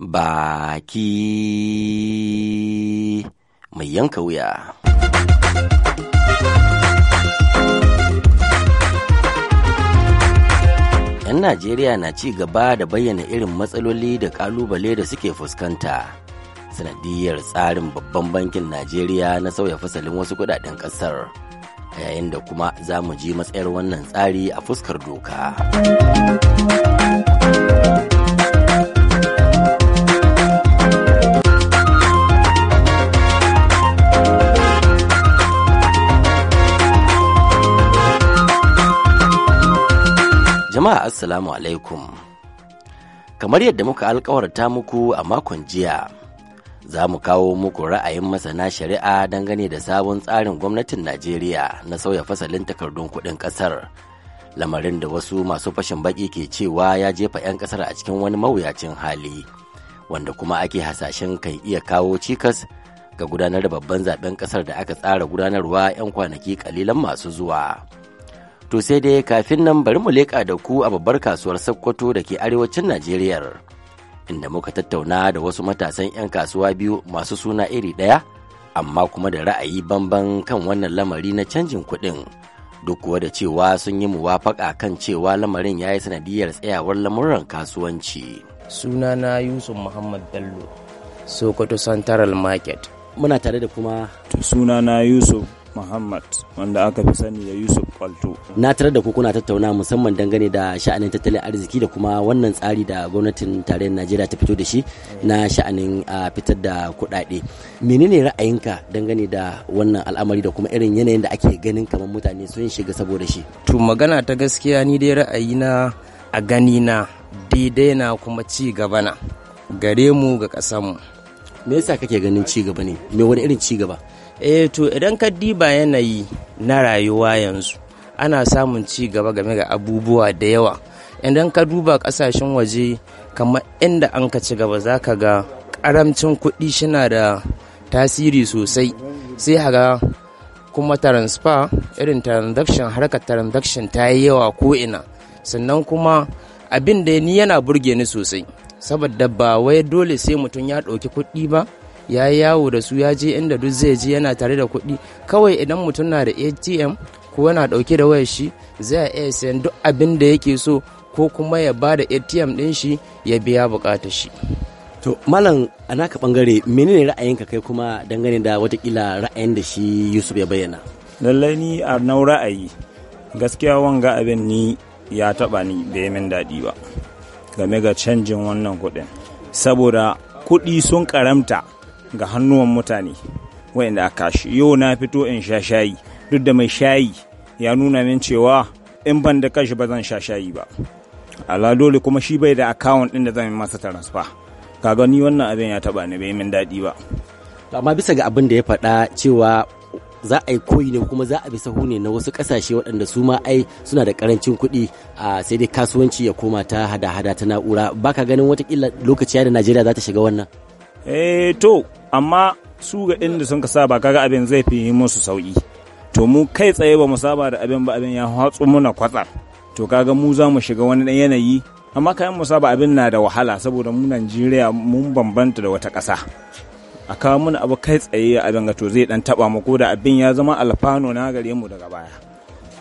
baki mai yanka wuya. ‘Yan Najeriya na ci gaba da bayyana irin matsaloli da ƙalubale da suke fuskanta. sanadiyar tsarin babban bankin Najeriya na sauya fasalin wasu kudaden ƙasar. yayin da kuma za mu ji matsayar wannan tsari a fuskar doka. Jama'a Assalamu alaikum. Kamar yadda muka alkawarta muku a makon jiya, za mu kawo muku ra'ayin masana shari'a dangane da sabon tsarin gwamnatin Najeriya na sauya fasalin takardun kuɗin ƙasar. Lamarin da wasu masu fashin baƙi ke cewa ya jefa 'yan ƙasar a cikin wani mawuyacin hali, wanda kuma ake hasashen kan iya kawo cikas ga gudanar da babban zaben ƙasar da aka tsara gudanarwa 'yan kwanaki kalilan masu zuwa. To sai dai kafin nan bari mu leƙa da ku a babbar kasuwar Sokoto da ke arewacin Najeriya. Inda muka tattauna da wasu matasan 'yan kasuwa biyu masu suna iri ɗaya, amma kuma da ra'ayi bamban kan wannan lamari na canjin kuɗin. Duk kuwa da cewa sun yi muwafaƙa kan cewa lamarin ya yi sanadiyar tsayawar lamuran kasuwanci. Sunana Yusuf Muhammad Bello, Sokoto Central Market. Muna tare da kuma. Sunana Yusuf Muhammad wanda aka fi sani da Yusuf Kwalto. Na tarar da kuna tattauna musamman dangane da sha'anin tattalin arziki da kuma wannan tsari da gwamnatin tarayyar Najeriya ta fito da shi na sha'anin fitar da kuɗaɗe. Menene ra'ayinka dangane da wannan al'amari da kuma irin yanayin da ake ganin kamar mutane sun shiga saboda shi? To magana ta gaskiya ni dai ra'ayina a gani na daidai na kuma ci gaba na gare mu ga ƙasarmu. Me yasa kake ganin ci gaba ne? Me wani irin ci gaba? eh to idan ka diba yanayi na rayuwa yanzu ana samun ci gaba game ga abubuwa da yawa idan ka duba kasashen waje kamar inda an ka ci gaba za ka ga karamcin kuɗi shina da tasiri sosai sai haga kuma transfer irin transaction harkar transaction ta yi yawa ko ina sannan kuma abin da ni yana burge ni sosai saboda ba wai dole sai mutum ya ɗauki kuɗi ba ya yi yawo da su ya je inda duk zai je yana tare da kuɗi kawai idan mutum na da atm ko yana ɗauke da wayar shi zai iya sayan duk abin da yake so ko kuma ya ba da atm ɗin shi ya biya buƙatar shi to malam a naka bangare menene ra'ayinka kai kuma dangane da watakila ra'ayin da shi yusuf ya bayyana lallai ni a nau ra'ayi gaskiya wanga abin ni ya taɓa ni bai min daɗi ba game ga canjin wannan kuɗin saboda kuɗi sun karamta ga hannuwan mutane wayanda aka shi yau na fito in sha shayi duk da mai shayi ya nuna min cewa in ban da kashi ba zan sha shayi ba ala dole kuma shi bai da akawun din da zan yi masa transfer kaga ni wannan abin ya taba ni bai min daɗi ba amma bisa ga abin da ya faɗa cewa za a yi koyi ne kuma za a bi sahu ne na wasu kasashe waɗanda su ma ai suna da karancin kuɗi a sai dai kasuwanci ya koma ta hada-hada ta na'ura baka ganin watakila lokaci da najeriya za ta shiga wannan eh to amma su ga inda sun ka saba kaga abin zai fi yi musu sauki to mu kai tsaye ba mu saba da abin ba abin ya hatsu muna kwatsar to kaga mu za mu shiga wani dan yanayi amma kayan mu saba abin na da wahala saboda mu Najeriya mun bambanta da wata ƙasa a kawo mun abu kai tsaye abin ga to zai dan taba mu koda abin ya zama alfano na gare mu daga baya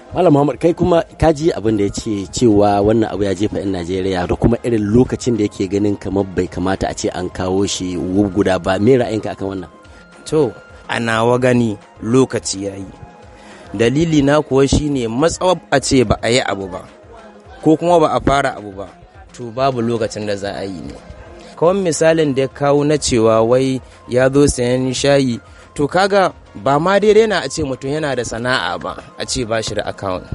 Malam Muhammad kai kuma ka ji abin da ya ce cewa wannan abu ya jefa 'yan Najeriya da kuma irin lokacin da yake ganin kamar bai kamata a ce an kawo shi guda ba me ra'ayinka akan wannan? To, a wa gani lokaci ya yi. Dalili na kuwa shine matsawab a ce ba a yi abu ba, ko kuma ba a fara abu ba, to babu lokacin da za a yi ne. Kawan misalin da ya kawo na cewa wai ya zo sayan shayi to kaga ba ma daidai na a ce mutum yana da sana'a ba a ce ba shi da akawun.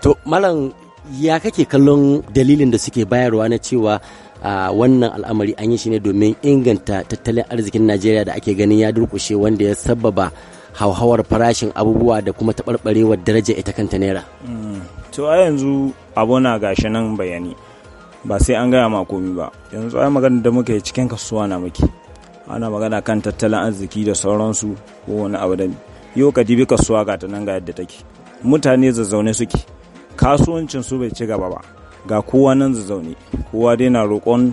to malam ya kake kallon dalilin da suke bayarwa na cewa a wannan al'amari an yi shi ne domin inganta tattalin arzikin najeriya da ake ganin ya durkushe wanda ya sababa hauhawar farashin abubuwa da kuma taɓarɓarewar daraja ita kanta naira mm, to a yanzu abona gashi nan bayani ba sai an gaya ma komi ba yanzu ai magana da muke cikin kasuwa na muke ana magana kan tattalin arziki da sauransu ko wani abu da yau ka dibi kasuwa ga ta nan ga yadda take mutane zazzaune suke kasuwancin su bai ci gaba ba ga kowa nan zazzaune kowa dai na roƙon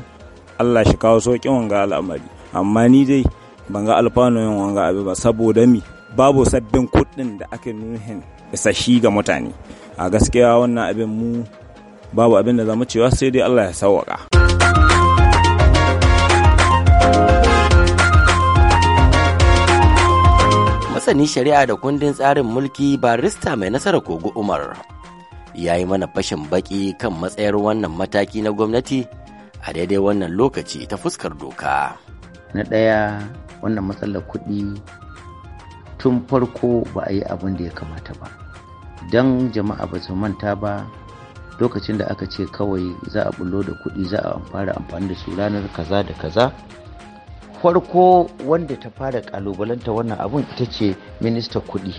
Allah shi kawo sauƙin wanga al'amari amma ni dai ban ga yin wanga abu ba saboda mi babu sabbin kuɗin da aka nuhin isashi ga mutane a gaskiya wannan abin mu babu abin da zama cewa sai dai Allah ya sauwaƙa masani shari'a da kundin tsarin mulki barista mai nasara kogo umar ya yi mana fashin baki kan matsayar wannan mataki na gwamnati a daidai wannan lokaci ta fuskar doka na ɗaya wannan matsalar kuɗi tun farko ba a yi abin da ya kamata ba don jama'a ba su manta ba lokacin da aka ce kawai za a bullo da kuɗi za a fara amfani da su ranar kaza da kaza farko wanda ta fara kalubalanta wannan abun ita ce minista kuɗi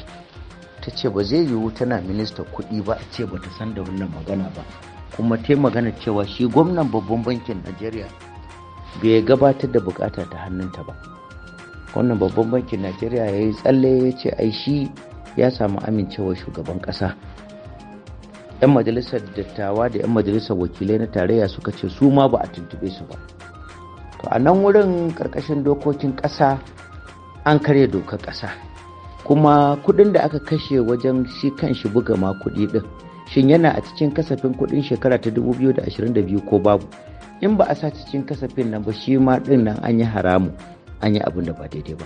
ta ce ba zai yiwu tana minista kuɗi ba a ce ba ta san da wannan magana ba kuma ta magana cewa shi gwamnan babban bankin najeriya bai gabatar da bukata ta hannunta ba wannan babban bankin najeriya ya yi tsalle ya ce ai shi ya samu amincewar shugaban ƙasa 'yan majalisar dattawa da 'yan majalisar wakilai na tarayya suka ce su ma ba a tuntube su ba to a nan wurin karkashin dokokin ƙasa an karya dokar ƙasa kuma kuɗin da aka kashe wajen shi kan shi buga ma kuɗi ɗin shin yana a cikin kasafin kuɗin shekara ta 2022 ko babu in ba a sa cikin kasafin nan ba shi ma ɗin nan an yi haramu an yi abin da ba daidai ba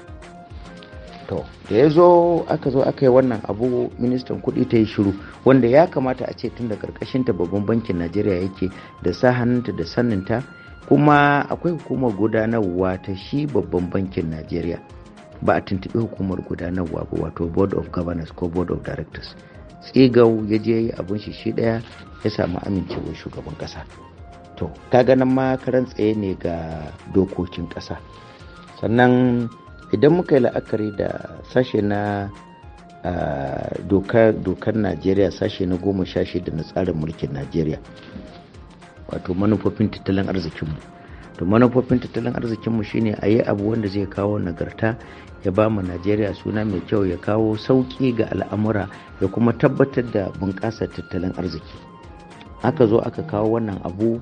to da ya zo aka zo aka yi wannan abu ministan kuɗi ta yi shiru wanda ya kamata a ce tun da karkashinta babban bankin najeriya yake da sa hannunta da saninta kuma akwai hukumar gudanarwa ta shi babban bankin najeriya ba a tuntuɓi hukumar gudanarwa ba wato board of governors ko board of directors tsigau ya je abin shi shi ɗaya ya samu amincewar shugaban ƙasa to ta ganin ma karan tsaye ne ga dokokin ƙasa sannan idan muka yi la'akari da sashe na dokar najeriya sashe na goma sha shida na tsarin mulkin najeriya wato manufofin tattalin arzikinmu to manufofin tattalin arzikinmu shine a yi abu wanda zai kawo nagarta ya ba mu najeriya suna mai kyau ya kawo sauƙi ga al'amura ya kuma tabbatar da bunƙasar tattalin arziki aka zo aka kawo wannan abu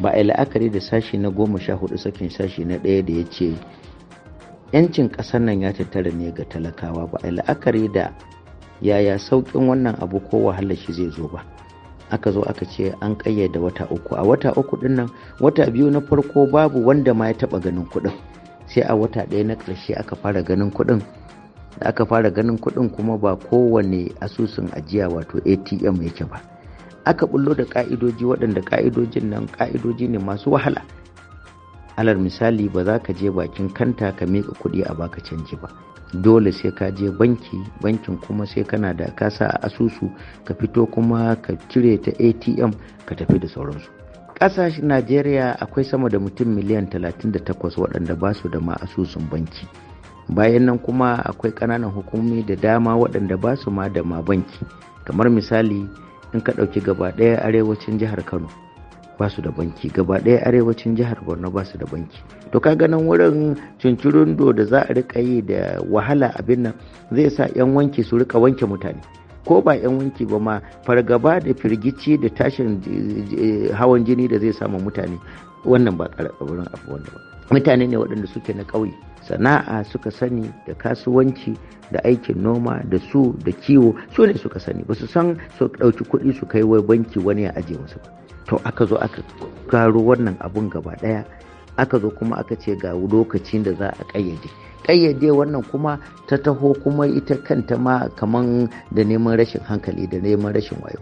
ba a la'akari da sashi na goma sha hudu sakin sashi na ɗaya da ya ce yancin ƙasar nan ya tattara ne ga talakawa ba a la'akari da yaya sauƙin wannan abu ko wahalar shi zai zo ba aka zo aka ce an ƙayyade wata uku a wata uku ɗin nan wata biyu na farko babu wanda ma ya taɓa ganin kuɗin sai a wata ɗaya na ƙarshe aka fara ganin kuɗin da aka fara ganin kuɗin kuma ba kowane asusun ajiya wato atm yake ba aka bullo da ka'idoji waɗanda ƙa'idojin nan ƙa'idoji ne masu wahala alal misali ba za ka je bakin kanta ka miƙa kuɗi a baka canji ba dole sai ka je banki bankin kuma sai kana da kasa a asusu ka fito kuma ka cire ta atm ka tafi da sauransu ƙasashen najeriya akwai sama da mutum miliyan 38 waɗanda ba su da ma asusun banki bayan nan kuma akwai ƙananan hukumomi da dama waɗanda ba su ma da ma banki kamar misali in ka ɗauki gaba ɗaya arewacin jihar kano ba su da banki gaba ɗaya arewacin jihar borno ba su da banki to kaga nan wurin cincirindo da za a rika yi da wahala abin nan zai sa 'yan wanki su rika wanke mutane ko ba 'yan wanki ba ma fargaba da firgici da tashin eh, hawan jini da zai samu mutane wannan ba wurin abu wanda ba mutane ne waɗanda suke na ƙauye sana'a suka sani da kasuwanci da aikin noma da su da kiwo su ne suka sani ba su san su ɗauki kuɗi su kai wai banki wani ya ajiye musu ba to aka zo aka karo wannan abun gaba daya aka zo kuma aka ce ga lokacin da za a ƙayyade ƙayyade wannan kuma ta taho kuma ita kanta ma kaman da neman rashin hankali da neman rashin wayo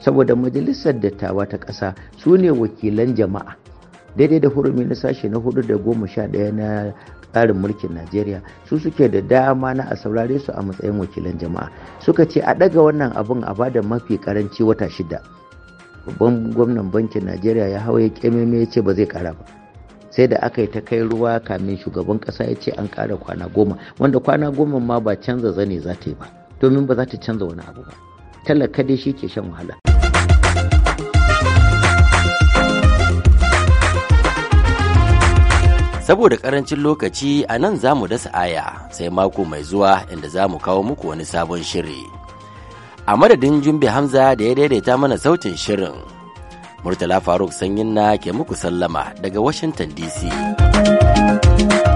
saboda majalisar dattawa ta ƙasa su ne wakilan jama'a daidai da hurumi na sashe na hudu da goma sha ɗaya na tsarin mulkin najeriya su suke da dama na a saurare su a matsayin wakilan jama'a suka ce a ɗaga wannan abun a bada mafi karanci wata shida babban gwamnan bankin najeriya ya hau ya kememe ya ce ba zai kara ba sai da aka yi ta kai ruwa kamin shugaban kasa ya ce an kara kwana goma wanda kwana goma ma ba canza zane za ta yi ba domin ba za ta canza wani abu ba talaka dai shi ke shan wahala saboda karancin lokaci a nan za mu dasa aya sai mako mai zuwa inda za mu kawo muku wani sabon shiri a madadin jumbe hamza da ya daidaita mana sautin shirin murtala faruk sanyin na ke muku sallama daga washington dc